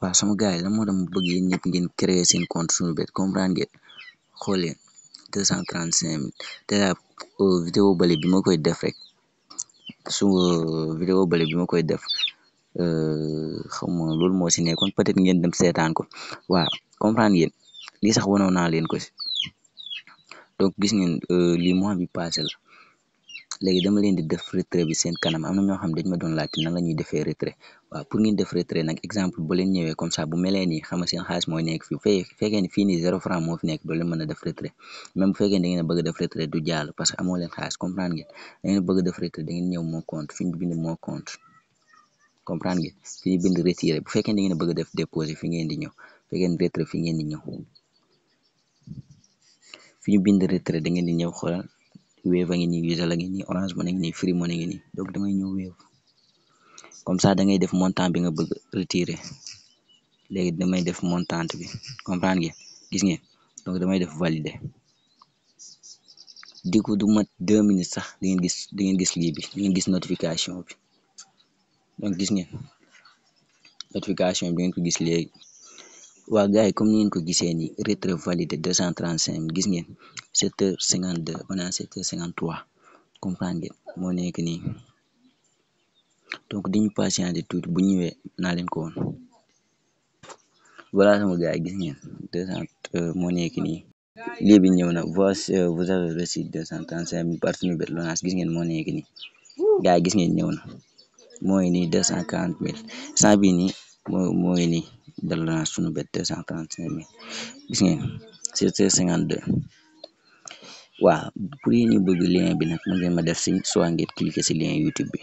waaw sama gaay yi lan moo tax ma bëgg yéen ñëpp ngeen créer seen compte Sunubet comprendre ngeen xool leen deux cent trente cinq mille te daal euh, vidéo bële bi ma koy def rek su euh, vidéo bale bi ma koy def euh, xam nga loolu moo si nekkoon peut-être ngeen dem seetaan ko waaw comprendre ngeen lii sax wanoon naa leen ko si donc gis ngeen lii mois bi passé la léegi dama leen di def retrait bi seen kanam am na ñoo xam dañ ma doon laajte nan la ñuy defee retrait waaw pour ngeen def retrait nag exemple bu leen ñëwee comme ça bu melee nii xam nga mooy nekk fii fee fekkee ni fii nii zéro franc moo fi nekk doo leen mën a def retrait même bu fekkee da ngeen a bëgg def retrait du jàll parce que amoo leen xaalis comprendre ngeen da ngeen def retrait da ñëw moo compte fi bind moo compte fi bu fekkee da ngeen a bëgg def déposé fi ngeen di ñëw fekkee retrait fi ngeen di ñëw fi ñu retrait da ngeen di ñëw xoolal Wave a ngi ni, Wizall a ngi ni, Orange Money a ngi ni, Free Money a ngi ni, donc dangay ñëw Wave comme ça dangay def montant bi nga bëgg retirer léegi damay def montant bi comprendre ngeen gis ngeen donc damay def valider di ko du mat deux minutes sax di ngeen gis di ngeen gis lii bi di ngeen gis notification bi donc gis ngeen notification bi di ngeen ko gis léegi waa gaay kom ni ngeen ko gisee ni retrait validé 235 gis ngeen 7h52 banaa 7h53 comprendre ngeen moo nekk nii donc diñu patienté tuuti bu ñëwee naa leen ko woon voilà sama gaay gis ngeen 200 euh, moo nekk nii lii bi ñëw na voici euh, vous avez reçu 235 000 gis ngeen moo nekk nii gaay gis ngeen ñëw na mooy nii cent bi nii moo mooy dalal na sunu bet 235 gis ngeen 752 waaw pur yeen yu bëgg lien bi nak mën ngeen ma def ci sowa ngeen cliquer ci lien youtube bi.